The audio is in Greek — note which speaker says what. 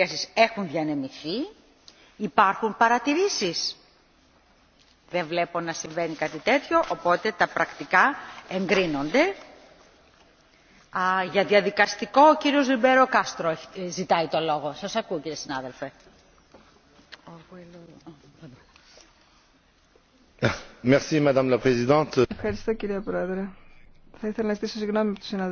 Speaker 1: εστίασης έχουν διανεμηθεί. Υπάρχουν παρατηρήσεις. Δεν βλέπω να συμβαίνει κάτι τέτοιο, οπότε τα πρακτικά εγκρίνονται. Α, για διαδικαστικό ο κύριος Λιμπέρο Κάστρο ε, ζητάει το λόγο. Σας
Speaker 2: ακούω κύριε συνάδελφε.
Speaker 3: Ευχαριστώ κύριε Πρόεδρε. Θα ήθελα να ζητήσω συγγνώμη από τους συναδέλφους.